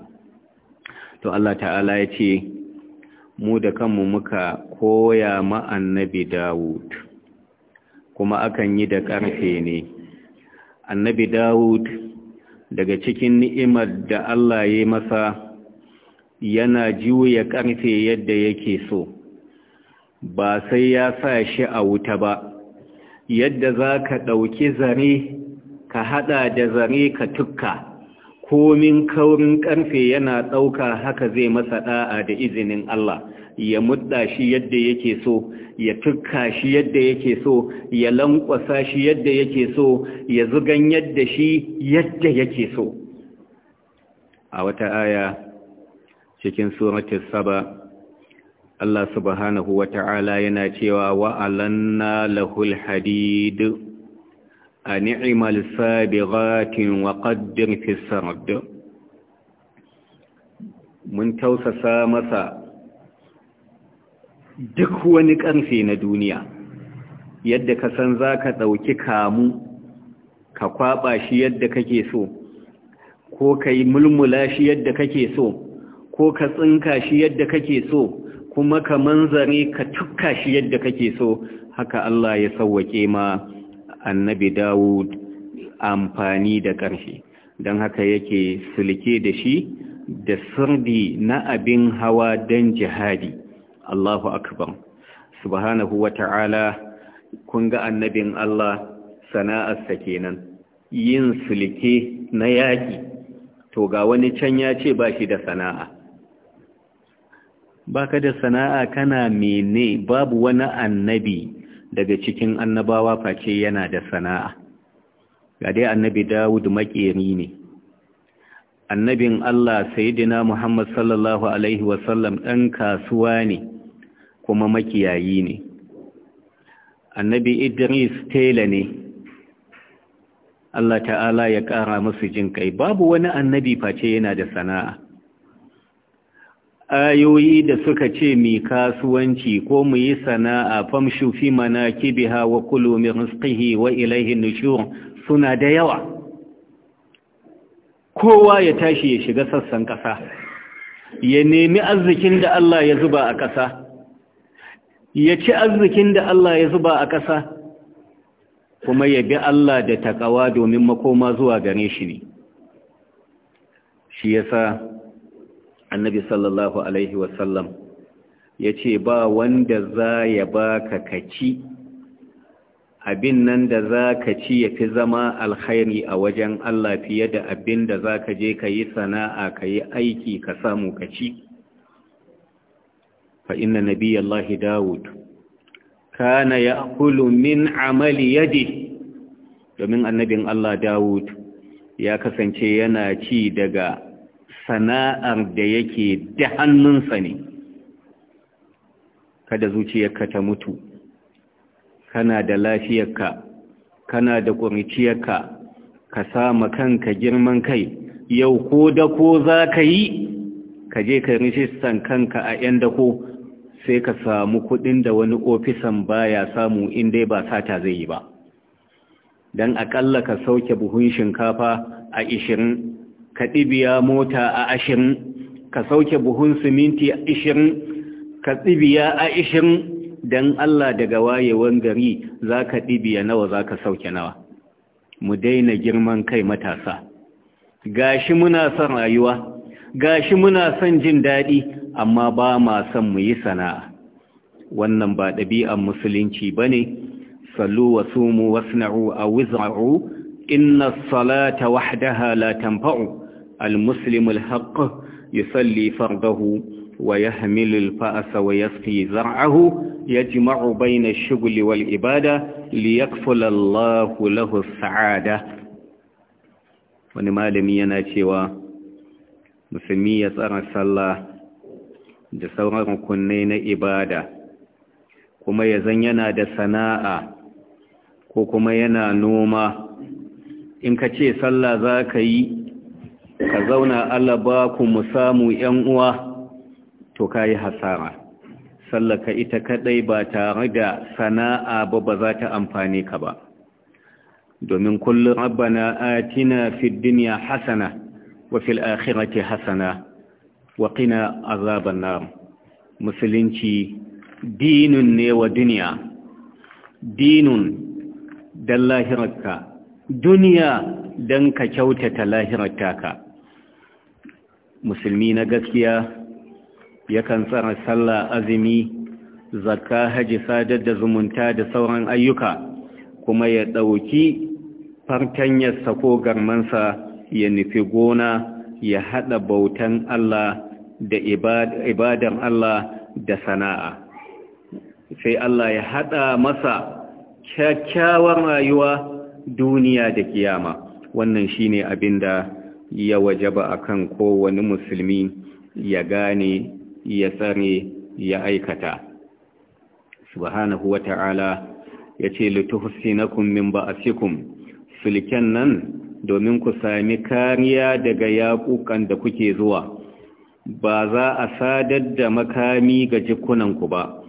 to Allah ta'ala ya ce mu da kanmu muka koya ma annabi Dawud kuma akan yi da ƙarfe ne annabi Dawud daga cikin ni'imar da Allah ya masa yana juya ƙarfe yadda yake so ba sai ya sa shi a wuta ba yadda za ka ɗauki zare ka haɗa da zare ka tukka komin kaurin ƙarfe yana ɗauka haka zai masa ɗa'a da izinin Allah ya mudda shi yadda yake so ya tukka shi yadda yake so ya lankwasa shi yadda yake so ya zugan yadda shi yadda yake so a wata aya cikin suratul saba Allah subhanahu wata'ala yana cewa wa'alanna lahul hadid أن اعمل سابغات وقدر في السرد mun tausasa masa duk wani ƙarfe na duniya yadda ka san za ka ɗauki kamu ka kwaɓa shi yadda kake so ko ka yi mulmula shi yadda kake so ko ka tsinka shi yadda kake so kuma ka manzare ka tukka shi yadda kake so haka Allah ya sauwaƙe ma annabi Dawud amfani da ƙarfi don haka yake sulke da shi da sirdi na abin hawa don jihadi Allahu akbar subhanahu wa ta'ala kun ga annabin Allah sana'arsa kenan yin sulke na yaƙi to ga wani can ya ce ba shi da sana'a baka da sana'a kana mene babu wani annabi daga cikin annabawa face yana da sana'a ga dai annabi Dawud maƙeri ne annabin Allah sayyidina Muhammad sallallahu alaihi wa sallam dan kasuwa ne kuma makiyayi ne annabi Idris tela ne Allah ta'ala ya ƙara musu jin kai babu wani annabi face yana da sana'a ayoyi da suka ce mi kasuwanci ko mu yi sana'a famshu fi manakibiha wa kulu min rizqihi wa ilayhi nushur suna da yawa kowa ya tashi ya shiga sassan kasa ya nemi arzikin da Allah ya zuba a ƙasa ya ci arzikin da Allah ya zuba a ƙasa kuma ya bi Allah da takawa domin makoma zuwa gare shi ne shi yasa annabi sallallahu alaihi wasallam ya ce ba wanda za ya baka kaci abin nan da za ka ci ya fi zama alkhairi a wajen Allah fiye da abin da za ka je ka yi sana'a ka yi aiki ka samu ka ci fa inna nabiya Allah Dawud kana ya kulu min amali yadi domin annabin Allah Dawud ya kasance yana ci daga sana'ar da yake da hannunsa ne kada zuciyarka ta mutu kana da lafiyarka kana da ƙuriciyarka ka sama kanka girman kai yau ko da ko za ka yi ka je ka rijistan kanka a ‘yan dako sai ka samu kuɗin da wani ofisan baya samu inda ba sata zai yi ba don akalla ka sauke buhun shinkafa a ishirin ka ɗibiya mota a ashirin ka sauke buhun siminti a ashirin ka ɗibiya a ashirin don Allah daga wayewar gari za ka ɗibiya nawa za ka sauke nawa mu daina girman kai matasa gashi muna son rayuwa gashi muna son jin daɗi amma ba ma son mu yi sana'a wannan ba ɗabi'an musulunci ba ne sallu wa sumu wasna'u a wuzaru inna salata wahdaha la tanfa'u المسلم الحق يصلي فرضه ويحمل الفأس zar'ahu, زرعه يجمع بين الشغل والإبادة ليقفل الله له Sa'ada. wani malami yana cewa musulmi ya tsara sallah da sauran rukunai na ibada kuma ya yana da sana'a ko kuma yana noma in ka ce sallah za ka yi ka zauna Allah ba ku mu samu ‘yan uwa to ka yi hasara sallaka ita kaɗai ba tare da sana'a ba ba za ta amfani ka ba domin kullum rabbana atina fid dunya hasana wa fil akhirati hasana wa qina azaban nar musulunci dinun ne wa duniya dinun dan lahirarka duniya dan ka kyautata lahirarka musulmi na gaskiya yakan tsara sallah azumi zakka haji sadar da zumunta da sauran ayyuka kuma ya ɗauki fartanyarsa ko garmansa ya nufi gona ya haɗa bautan Allah da ibadan Allah da sana'a sai Allah ya haɗa masa kyakkyawar rayuwa duniya da kiyama wannan shine abinda ya wajaba akan kowane musulmi ya gane ya tsare ya aikata subhanahu wata'ala ya ce lituhsinakum min ba'asikum sulken nan domin ku sami kariya daga yaƙuƙan da kuke zuwa ba za a sadar da makami ga jikunanku ba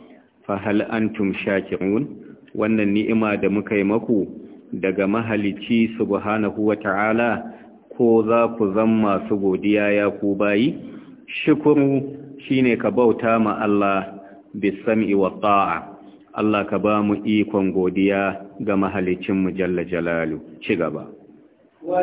fahal antum shakirun wannan ni'ima da muka yi maku daga mahalicci subhanahu wata'ala ko za ku zan masu godiya ya ku bayi shukuru shine ka bauta ma Allah bisam'i wa ta'a Allah ka ba mu ikon godiya ga mahalicin mu jalla jalalu ci gaba wa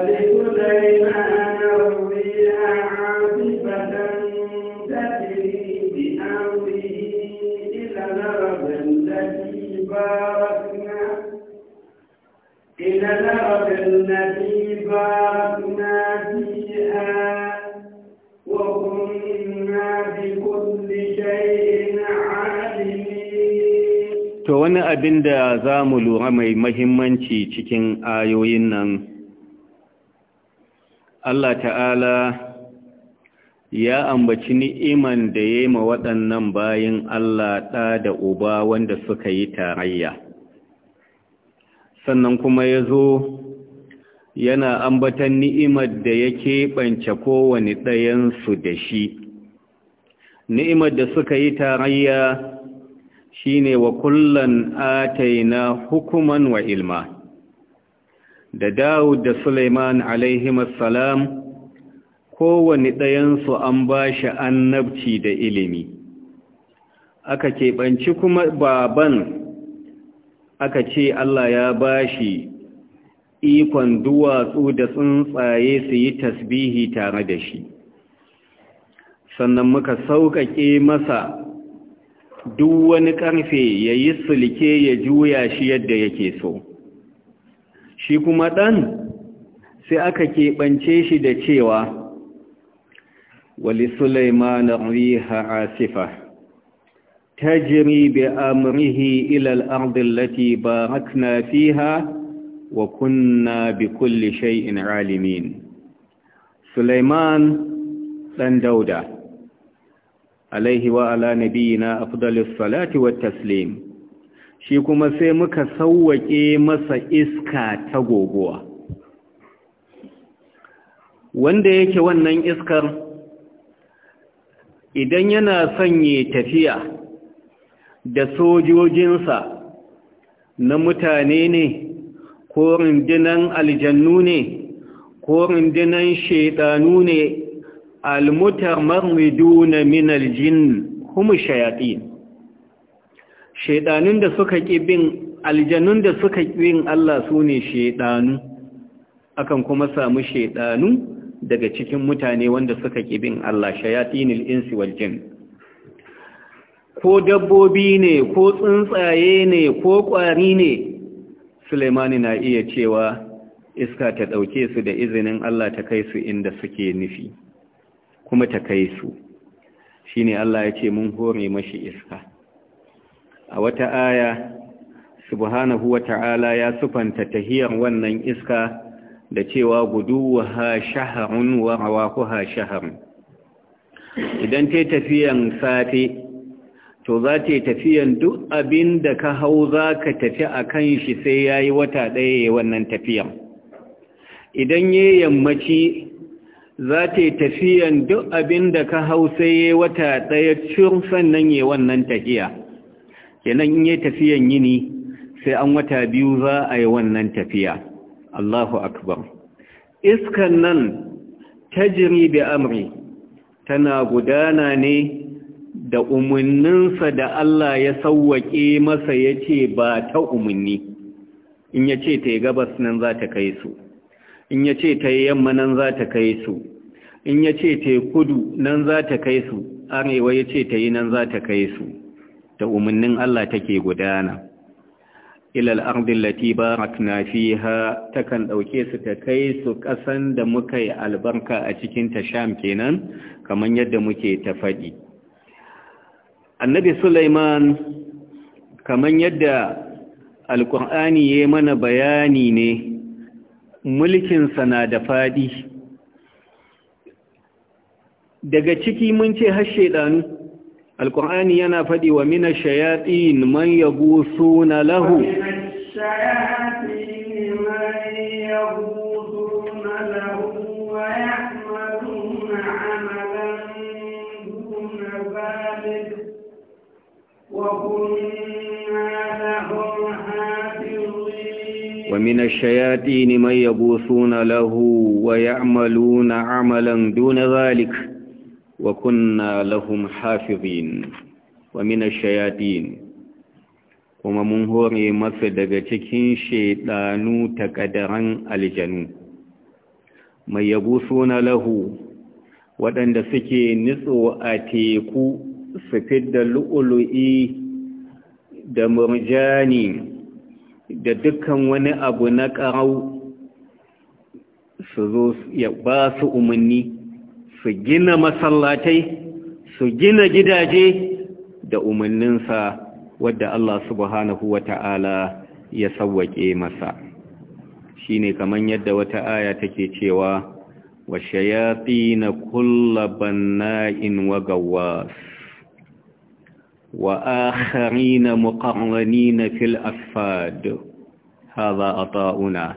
إلى الأرض to wani abin da za mu lura mai mahimmanci cikin ayoyin nan Allah ta'ala ya ambaci ni'iman da ya yi ma waɗannan bayin Allah ɗa da uba wanda suka yi tarayya sannan kuma ya zo yana ambatan ni'imar da ya keɓance kowane ɗayansu da shi ni'imar da suka yi tarayya shine wa kullan ataina hukuman wa ilma da Dawud da Suleiman alaihimus salam kowane ɗayansu an ba shi annabci da ilimi aka keɓanci kuma baban aka ce Allah ya bashi. ikon duwatsu da tsuntsaye su yi tasbihi tare da shi sannan muka sauƙaƙe masa duk wani ƙarfe ya yi sulke ya juya shi yadda yake so shi kuma ɗan sai aka keɓance shi da cewa wali sulaiman riha asifa tajri bi amrihi ilal ardin ardi allati barakna fiha wa kunna bi kulli shay'in alimin Sulaiman dan Dauda alaihi wa ala nabiyina afdalus salati wat taslim shi kuma sai muka sawwake masa iska ta gogowa wanda yake wannan iskar idan yana sanye tafiya da sojojinsa na mutane ne ko rindinan aljannu ne ko rindinan shaitanu ne almutar duna min aljin kuma shayatin shaidanun da suka bin aljannun da suka Allah su ne shaidanu akan kuma samu shaidanu daga cikin mutane wanda suka bin Allah shayatinil insi wal ko dabbobi ne ko tsuntsaye ne ko ƙwari ne Suleimani na iya cewa iska ta ɗauke su da izinin Allah ta kai su inda suke nufi kuma ta kai su shi ne Allah ya ce mun hore mashi iska a wata aya subhanahu wa ta'ala ya sufanta tahiyar wannan iska da cewa gudu ha shaharun wa ha shaharun idan te tafiyan safe to za ta yi tafiyan duk abin da ka hau za ka tafi a kan shi sai ya yi wata ɗaya ya wannan tafiyan idan ya yammaci za ta yi tafiyan duk abin da ka hau sai ya yi wata ɗaya cin sannan ya wannan tafiya in ya tafiyan yini sai an wata biyu za a yi wannan tafiya Allahu akbar iskan nan jiri da amri tana gudana ne da umarninsa da Allah ya sauwaƙe masa ya ce ba ta umarni in ya ce ta yi gabas nan za ta kai su in ya ce ta yi yamma nan za ta kai su in ya ce ta yi kudu nan za ta kai su arewa ya ce ta yi nan za ta kai su da umarnin Allah take gudana ilal ardin lati barakna fiha takan ɗauke su ta kai su kasan da muka yi albarka a cikin ta sham kenan kamar yadda muke ta faɗi annabi Sulaiman kaman yadda alkur'ani ya mana bayani ne mulkinsa na da faɗi daga ciki mun ce har shaidanu Alƙur'ani yana faɗi wa mina shayatin man yabu suna lahu shayatin man yabu ومن الشياطين من يبوسون له ويعملون عملا دون ذلك وكنا لهم حافظين ومن الشياطين kuma mun hore masa daga cikin shaidanu takadaran aljanu mai yabu suna lahu waɗanda suke nitso a teku su fidda lu'ulu'i da murjani da dukkan wani abu na ƙarau su zo ya ba su umarni su gina masallatai su gina gidaje da umarninsa wadda Allah subhanahu wa ta'ala ya sawwake masa shi ne kamar yadda wata aya take cewa wa shayafi na kulla in wa gawas وآخرين مقرنين في الأفاد هذا أطاؤنا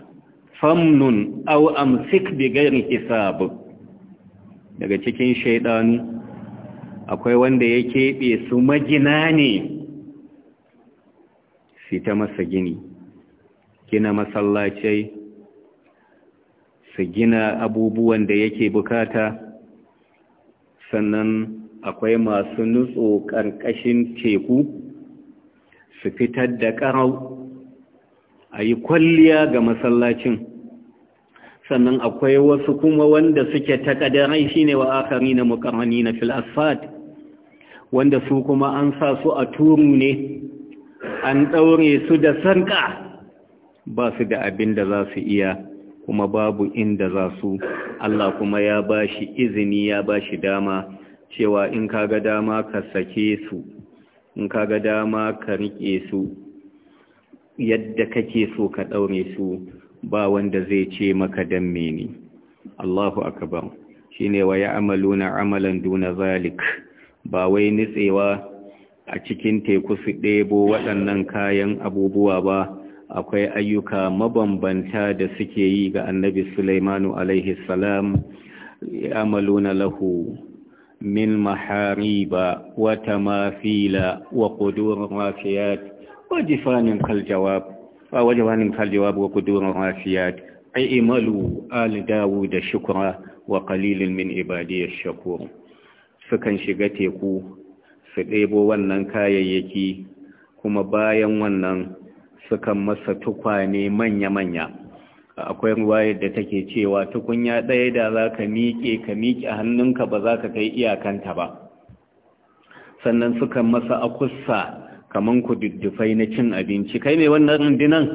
فمن أو أمسك بغير حساب daga cikin shaidanu akwai wanda ya keɓe su majina ne su ta masa gini gina masallacai su gina abubuwan da yake bukata sannan akwai masu nutso ƙarƙashin teku su fitar da ƙarau a yi kwalliya ga masallacin sannan akwai wasu kuma wanda suke takadarai ne wa akari na mukarrani na filasfad wanda su kuma an sa su a turu ne an ɗaure su da sarƙa ba su da abin da za su iya kuma babu inda za su Allah kuma ya ba shi izini ya ba shi dama cewa in kaga dama ka sake su in kaga dama ka rike su yadda kake so ka daure su ba wanda zai ce maka dan mene Allahu akbar shine wa ya'maluna amalan duna zalik ba wai nitsewa a cikin teku su ɗebo waɗannan kayan abubuwa ba akwai ayyuka mabambanta da suke yi ga annabi Sulaimanu alaihi salam amaluna lahu من محاريب وتماثيل وقدور راسيات وجفان كالجواب وجفان كالجواب وقدور راسيات اعملوا آل داود شكرا وقليل من عبادي الشكور فكان شغتكو teku su ɗebo wannan kayayyaki kuma bayan wannan sukan masa tukwane manya-manya akwai ruwayar da take cewa tukunya ɗaya da za ka miƙe ka miƙe hannunka ba za ka kai iyakanta ba sannan suka masa akussa kamar ku diddufai na cin abinci kai mai wannan rundunan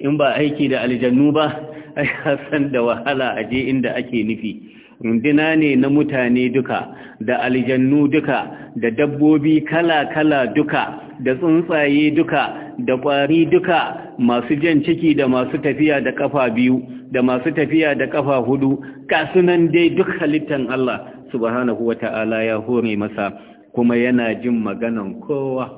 in ba aiki da aljannu ba ai san da wahala a je inda ake nufi rundina ne na mutane duka da aljannu duka da dabbobi kala-kala duka da tsuntsaye duka da ƙwari duka masu jan ciki da masu tafiya da ƙafa biyu da masu tafiya da ƙafa hudu kasunan dai duk halittan Allah subhanahu wata'ala ya hore masa kuma yana jin maganan kowa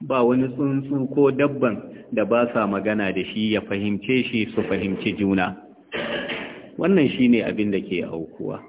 ba wani tsuntsu ko dabban da ba sa magana da shi ya fahimce shi su fahimci juna wannan shi ne abin da ke aukuwa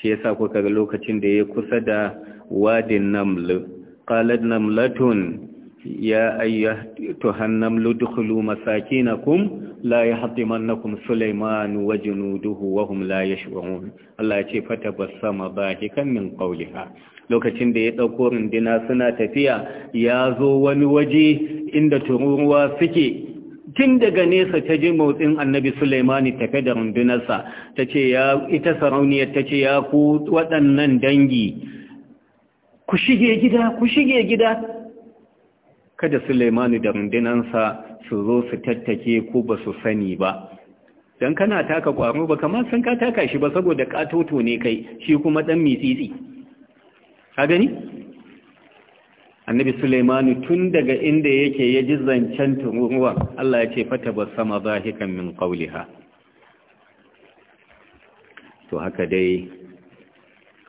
shi ya sa kuka ga lokacin da ya kusa da wadin namlu ƙalad namlatun ya ayyatuhan namlu dukhulu masakinakum la yahtimannakum sulaiman wa junuduhu wa hum la ya yash'urun Allah ya ce fatabassama kan min qawliha lokacin da ya dauko rindina suna tafiya ya zo wani waje inda tururuwa suke tun daga nesa ta ji motsin annabi Sulaimani tafe da rundunarsa ta ce ya ita sarauniyar ta ce ya ku waɗannan dangi ku shige gida ku shige gida kada Sulaimani da rundunarsa su zo su tattake ko ba su sani ba don kana taka ƙwaro ba kamar sun ka taka shi ba saboda ƙatoto ne kai shi kuma ɗan mitsitsi A gani annabi sulaimanu tun daga inda yake ya ji zancen turuwan Allah ya ce fata ba sama hikan min qawliha to haka dai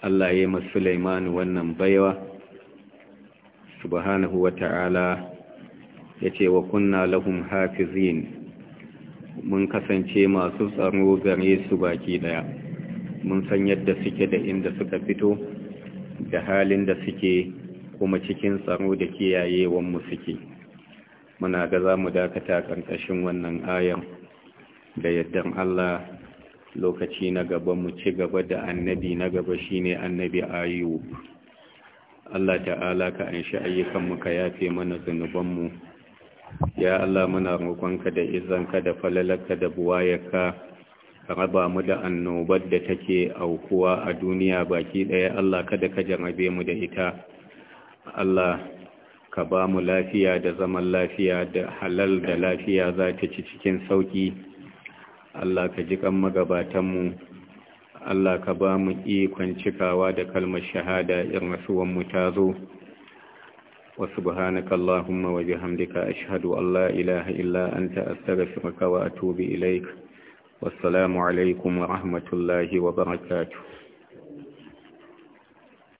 Allah ya yi sulaimanu wannan baiwa subhanahu wa ta'ala ya ce wa kunna lahum hafizin mun kasance masu tsaro gare su baki daya mun san yadda suke da inda suka fito da halin da suke kuma cikin tsaro da kiyayewan mu suke muna ga za mu dakata ƙarƙashin wannan ayan da yaddan Allah lokaci na gaba mu ci gaba da annabi na gaba shine annabi ayub Allah ta'ala ka anshi ayyukanmu ka yafe mana zunubanmu ya Allah muna roƙonka da ka da falalaka da buwayarka ka raba mu da annobar da take aukuwa a duniya baki ɗaya Allah kada ka jarabe mu da ita Allah ka ba mu lafiya da zaman lafiya da halal da lafiya za ta ci cikin sauki Allah ka ji kan magabatanmu Allah ka ba mu ikon cikawa da kalmar shahada irin rasuwan mu ta zo wa subhanaka allahumma wa bihamdika ashhadu an la ilaha illa anta astaghfiruka wa atubu ilaik wassalamu alaikum wa rahmatullahi wa barakatuh